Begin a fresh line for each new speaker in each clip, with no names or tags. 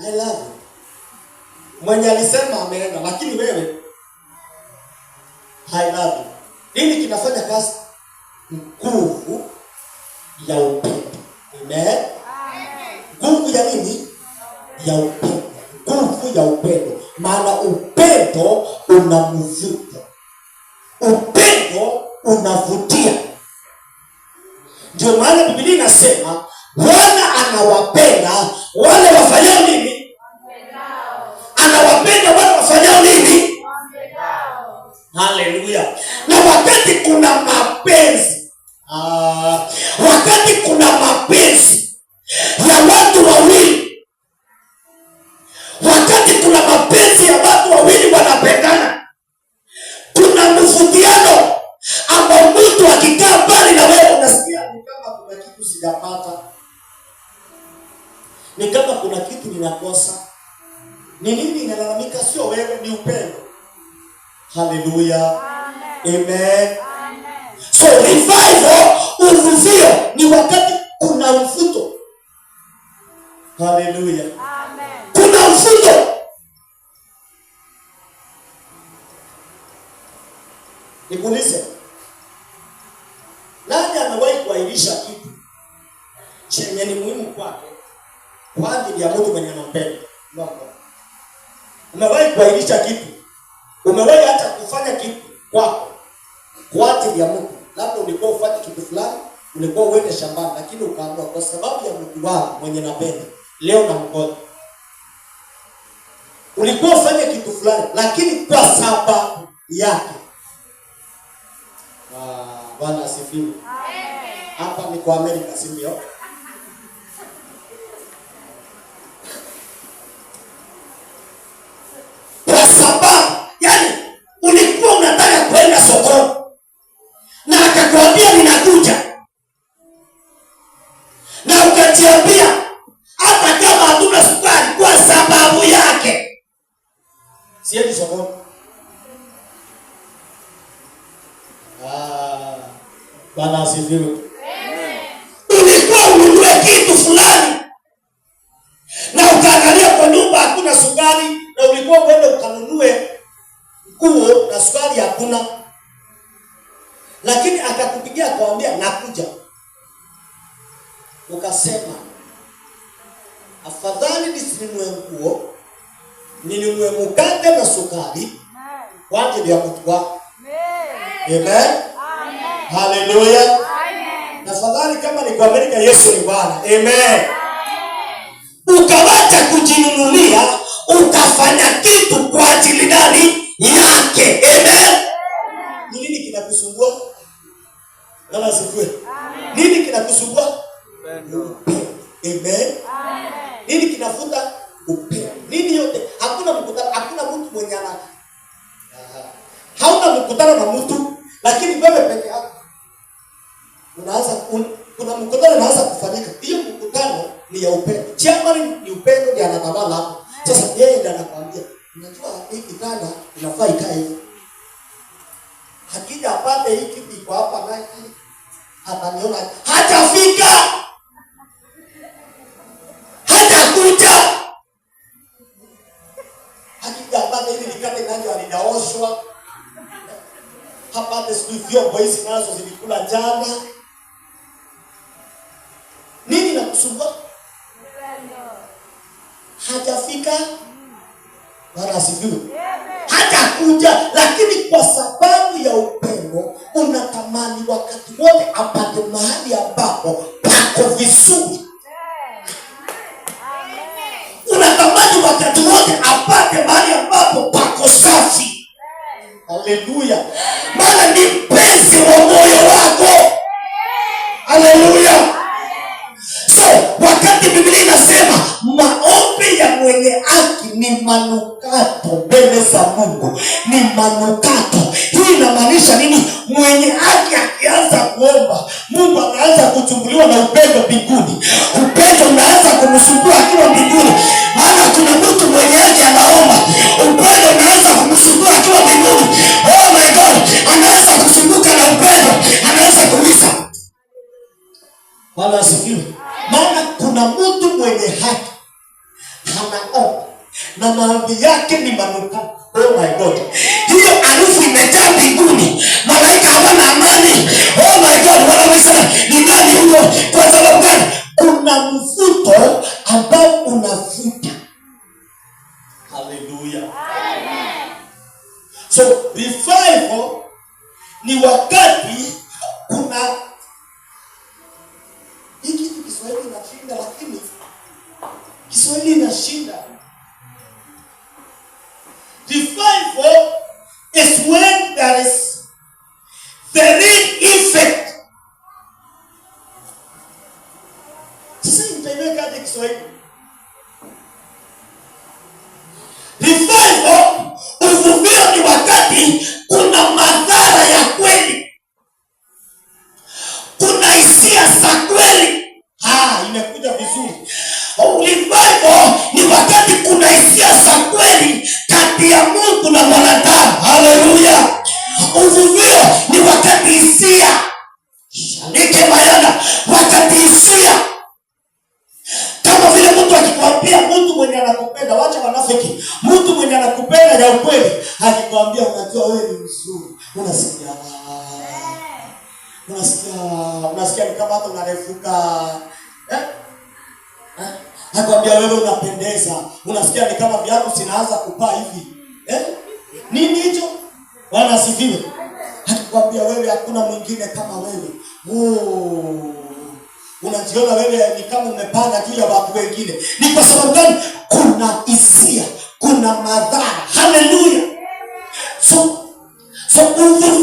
I love you. Mwenye alisema ameenda, lakini wewe I love you. Nini kinafanya kazi? Nguvu ya upendo. Amen. Nguvu ya nini? Ya upendo. Nguvu ya upendo, maana upendo unamvuta, upendo unavutia. Ndio maana Biblia inasema Bwana anawapenda wale wafanyao nini? Anawapenda wale wafanyao nini? Haleluya! Na wakati kuna mapenzi Hallelujah. amen. So revival, uvuvio ni wakati kuna mvuto. Haleluya, kuna mvuto. Nikuulize, nani amewahi kuahirisha kitu chenye ni muhimu kwake kwa ajili ya mtu mwenye anampenda? Umewahi kuahirisha kitu Umewahi hata kufanya kitu kwako ajili ya Mungu, labda ulikuwa ufanye kitu fulani, ulikuwa uende shambani, lakini ukaamua kwa sababu ya Mungu wako mwenye napenda leo na mkono ulikuwa ufanye kitu fulani, lakini kwa sababu yake ah, Bwana asifiwe. Hapa ni kwa Amerika, si ndio? Siendi sokoni. Ah, Bwana asifiwe. Ulikuwa ununue kitu fulani na ukaangalia kwa nyumba hakuna sukari, na ulikuwa uende ukanunue nguo na sukari hakuna, lakini akakupigia akamwambia nakuja, ukasema afadhali nisinunue nguo ninywe mukate na sukari kwa ajili ya kutuwa. Amen. Haleluya. Na fadhali kama ni kwa Amerika, Yesu ni Bwana. Amen. Ukawacha kujinunulia, ukafanya kitu kwa ajili gani yake? Amen. Ni nini kinakusumbua? Kama sikue. Nini kinakusumbua? Upendo. Amen. Nini kinafuta? Upendo. 콩나물 볶아 hapana hili likale nalo alidaoshwa hapana sijui vyombo hizi nazo zilikula jana. Haleluya! Maana ni mpenzi wa moyo wako. Haleluya! So wakati Biblia inasema maombi ya mwenye haki ni manukato mbele za Mungu, ni manukato. Hii inamaanisha nini? Mwenye haki akianza kuomba, Mungu anaanza kuchunguliwa na upendo mbinguni. Upendo unaanza kumsumbua akiwa mbinguni, maana kuna mtu mwenye haki anaomba, upendo unaanza watu wa mbinguni. Oh my God, anaweza kuzunguka na upendo, anaweza kuuliza Bwana asifiwe. Maana kuna mtu mwenye haki hanaoa na maombi yake ni manukato. Oh my God, hiyo harufu imejaa mbinguni, malaika hawana amani. Oh my God, wanasema ni nani huyo? Kwa sababu gani? Kuna mvuto ambao unavuta. Haleluya. So revival ni wakati kuna hii kitu Kiswahili inashinda, lakini Kiswahili inashinda. Revival is when there is unajikamata unarefuka eh? Eh? Nakwambia wewe unapendeza, unasikia ni kama viatu zinaanza kupaa hivi eh? Nini hicho? Bwana asifiwe. Nakwambia wewe hakuna mwingine kama wewe. Oh. Unajiona wewe ni kama umepanda juu ya watu wengine. Ni kwa sababu gani? Kuna hisia, kuna madhara. Haleluya. So so, uvuvio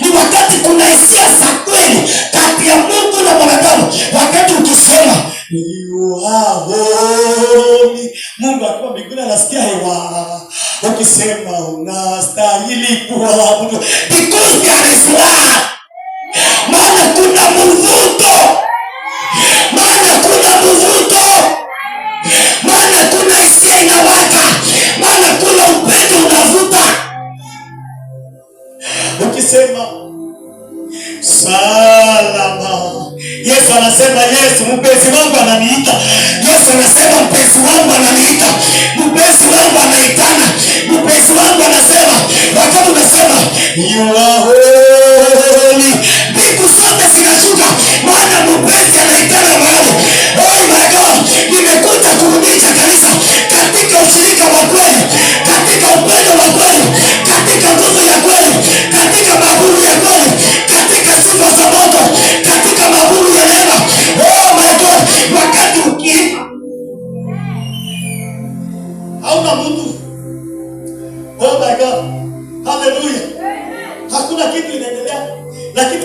ni wakati kuna hisia za gani kati ya Mungu na mwanadamu? Wakati ukisema yuahoni, Mungu akiwa mbinguni anasikia hewa. Ukisema unastahili kuabudu, because maana kuna mvuto, maana kuna mvuto, maana kuna hisia inawaka, maana kuna upendo unavuta ukisema salama. Yesu anasema, Yesu mpenzi wangu ananiita. Yesu anasema, mpenzi wangu ananiita. Mpenzi wangu anaitana. Mpenzi wangu anasema, wakati unasema you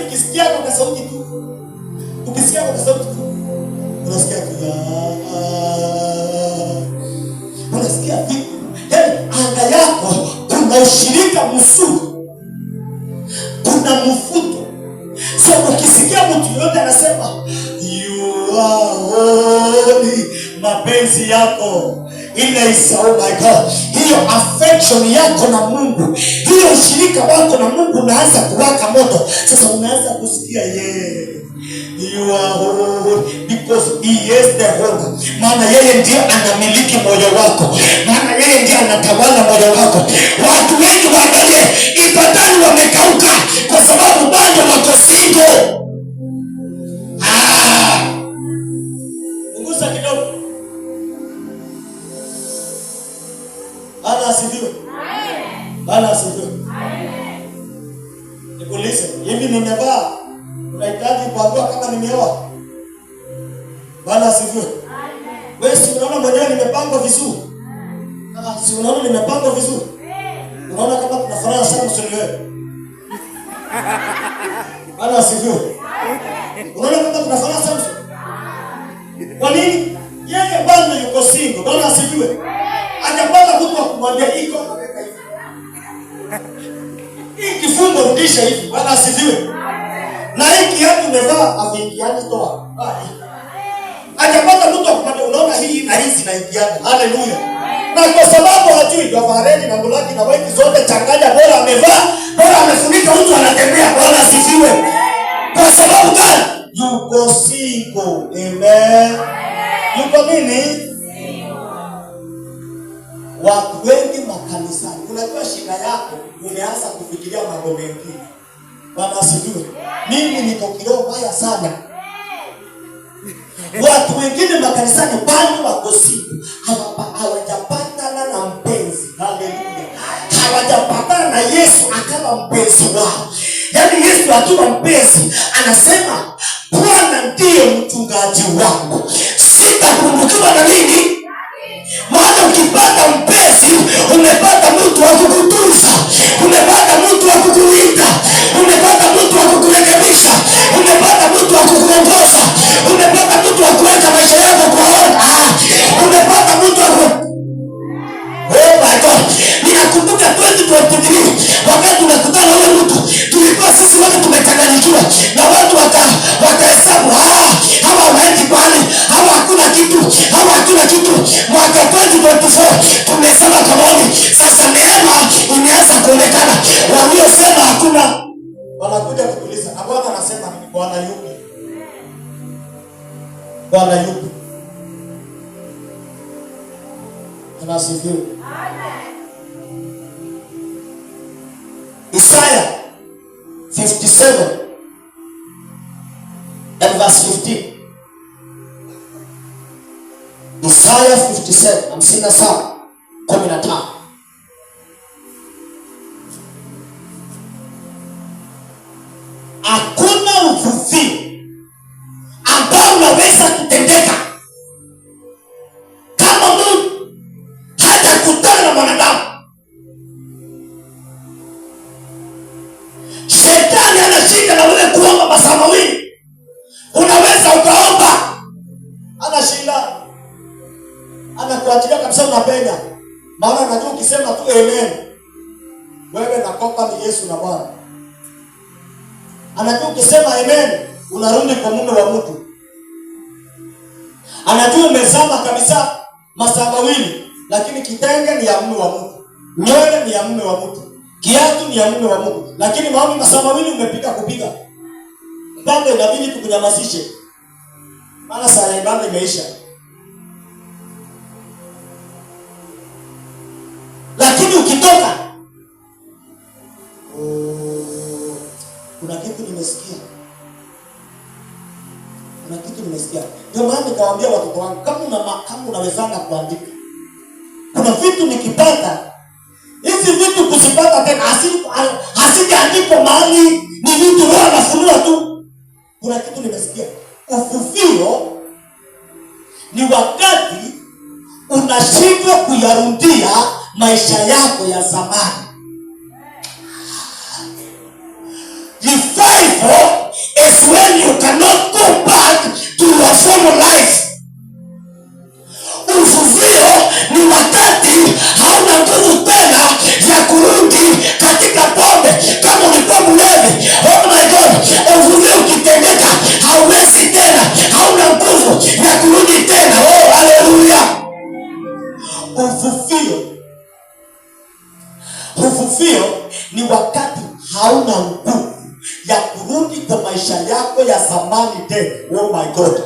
ukisikia kwa sauti tu, ukisikia kwa sauti tu, unasikia tu, ah, ah. unasikia tu. Hey, anga yako kuna ushirika mzuri, kuna mfuto. So ukisikia mtu yoyote anasema you are holy, mapenzi yako ile is oh my God hiyo affection yako na Mungu, hiyo ushirika wako na Mungu unaanza kuwaka moto. Sasa unaanza kusikia yeye You are holy because he is the holy. Maana yeye ndiye anamiliki moyo wako, maana yeye ndiye anatawala moyo wako. Watu wengi waangalie, ipadani wamekauka kwa sababu bado wako single. Wewe si unaona mwenyewe nimepangwa vizuri? Ah, si unaona nimepangwa vizuri? Unaona kama kuna furaha sana sio wewe. Bana sivyo? Unaona kama kuna furaha sana sio? Kwa nini? Yeye bado yuko single. Bana asijue. Hajapata mtu wa kumwambia iko Hii kifungo rudisha hivi. Bana asijue. Na hiki hapo umevaa afikiani toa. Ah. Ajapata mtu akupata, unaona hii hii zinaingiana. Haleluya. Na kwa sababu hajui ndio na mulaki na wapi zote changanya, bora amevaa, bora amefunika, mtu anatembea. bora asifiwe. Kwa sababu gani? Yuko single. Amen. Yuko nini? Watu wengi makanisani, unajua shida yako, umeanza kufikiria mambo mengine. Bwana asifiwe. Mimi niko kiroho mbaya sana Watu wengine makanisani bado wakosiu hawajapatana na mpenzi, haleluya, hawajapatana na Yesu akawa mpenzi wao. Yaani Yesu akiwa mpenzi, anasema Bwana ndiye mchungaji wangu, sitapungukiwa na nini. Maana ukipata mpenzi, umepata mtu wa kukutunza, umepata mtu wa umepata mtu wa kukurekebisha, umepata mtu wa kukuongoza umechelewa kukuona umepata mtu oh my god ninakumbuka 2023 wakati unakutana huyo mtu Bwana yupo, anasifiwa. Isaya 57 and verse 15. Isaya 57 hamsini na saba shida, anakuachilia kabisa, unapenda. Maana unajua ukisema tu amen, wewe na kopa ni Yesu na Bwana. Anajua ukisema amen, unarudi kwa mume wa mtu. Anajua umezama kabisa masaa mawili, lakini kitenge ni ya mume wa mtu, nywele ni ya mume wa mtu, kiatu ni ya mume wa mtu, lakini maombi masaa mawili umepiga kupiga mpaka inabidi tukunyamazishe maana saa ya ibada imeisha. Lakini ukitoka oh, kuna kitu nimesikia, kuna kitu nimesikia. Ndio maana nikawaambia watoto wangu, kama una kama unawezanga kuandika, kuna vitu nikipata hizi vitu kuzipata tena hasijaandikwa mahali, ni vitu wao wanafunua tu. Kuna kitu nimesikia ufufuo ni wakati unashindwa kuyarundia maisha yako ya zamani. Revival is when you cannot go back to your former life. ni wakati hauna nguvu ya kurudi kwa maisha yako ya zamani tena. Oh my God,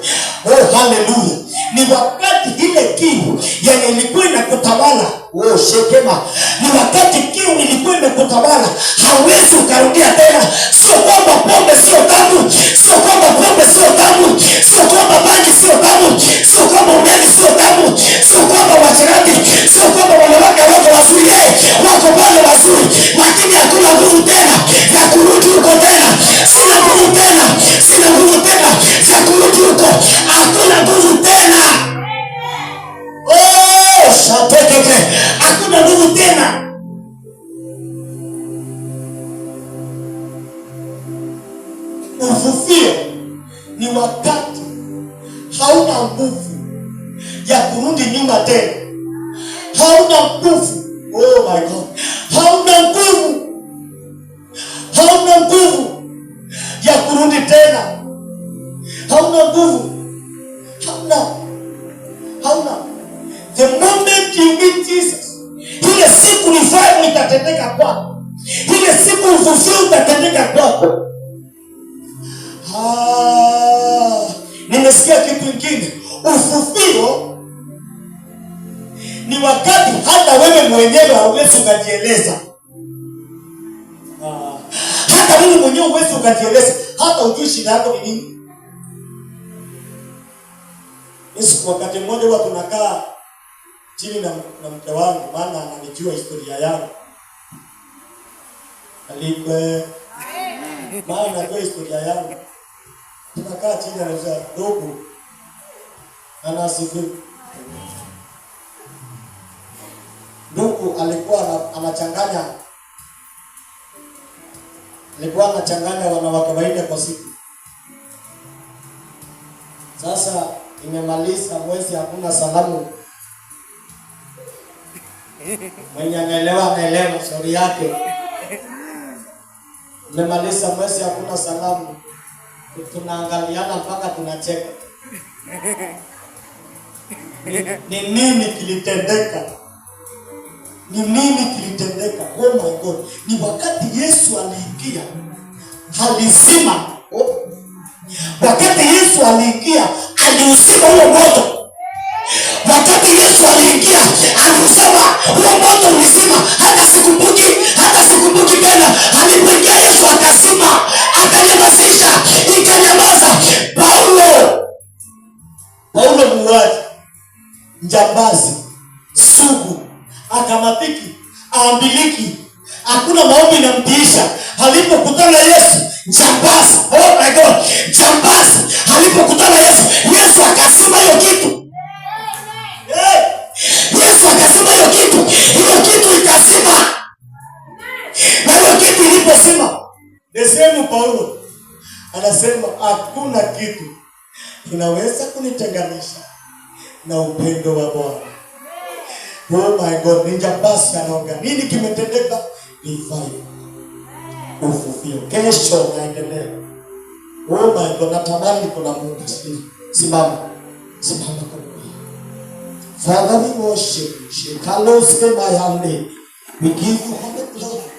oh haleluya ni wakati ile kiu yenye ilikuwa inakutawala wewe, shekema, ni wakati kiu ilikuwa kutawala hawezi ukarudia tena. Sio kwamba pombe sio tamu, sio kwamba pombe sio tamu, sio kwamba bangi sio tamu, sio kwamba ulevi sio tamu, sio kwamba wajirani, sio kwamba wanawake wako wazuri, wako pale wazuri, lakini hakuna nguvu tena ya kurudi huko. utatendeka kwako, ile siku uvuvio utatendeka kwako. Ah, nimesikia kitu ingine uvuvio ni wakati hata wewe mwenyewe hauwezi ukajieleza, ah, hata wewe mwenyewe uwezi ukajieleza, hata ujui shida yako ni nini. Wakati mmoja huwa tunakaa chini na mke wangu, maana ananijua historia yangu Alipe. Maana najua historia yangu. Tunakaa chini mzee ndugu. Anasifu. Ndugu alikuwa anachanganya alikuwa anachanganya wanawake wanne kwa siku. Sasa imemaliza mwezi, hakuna salamu. Mwenye anaelewa anaelewa, sori yake. Nimemaliza mwezi hakuna salamu, tunaangaliana mpaka tunacheka. Ni nini kilitendeka? Ni nini kilitendeka? Oh my God! Ni wakati Yesu aliingia alizima. Oh. Wakati Yesu aliingia aliuzima huo moto. Wakati Yesu aliingia alisema huo moto ulizima. jambazi, sugu, akamatiki, aambiliki, hakuna maombi inamtiisha. Alipokutana Yesu jambazi, oh my God, jambazi alipokutana Yesu, Yesu akasema hiyo kitu hey. Eh, Yesu akasema hiyo kitu, hiyo kitu ikasema, na hiyo kitu iliposema, sehemu Paulo anasema hakuna kitu kinaweza kunitenganisha na upendo wa Bwana. Oh my God, Ninja basi anaonga nini kimetendeka? Ni fire. ufufio, kesho naendelea. Oh my God, natamani kuna Mungu sisi. Simama, simama kwa Mungu. Father, we worship you. Shekalos ke mayande. We give you all the glory.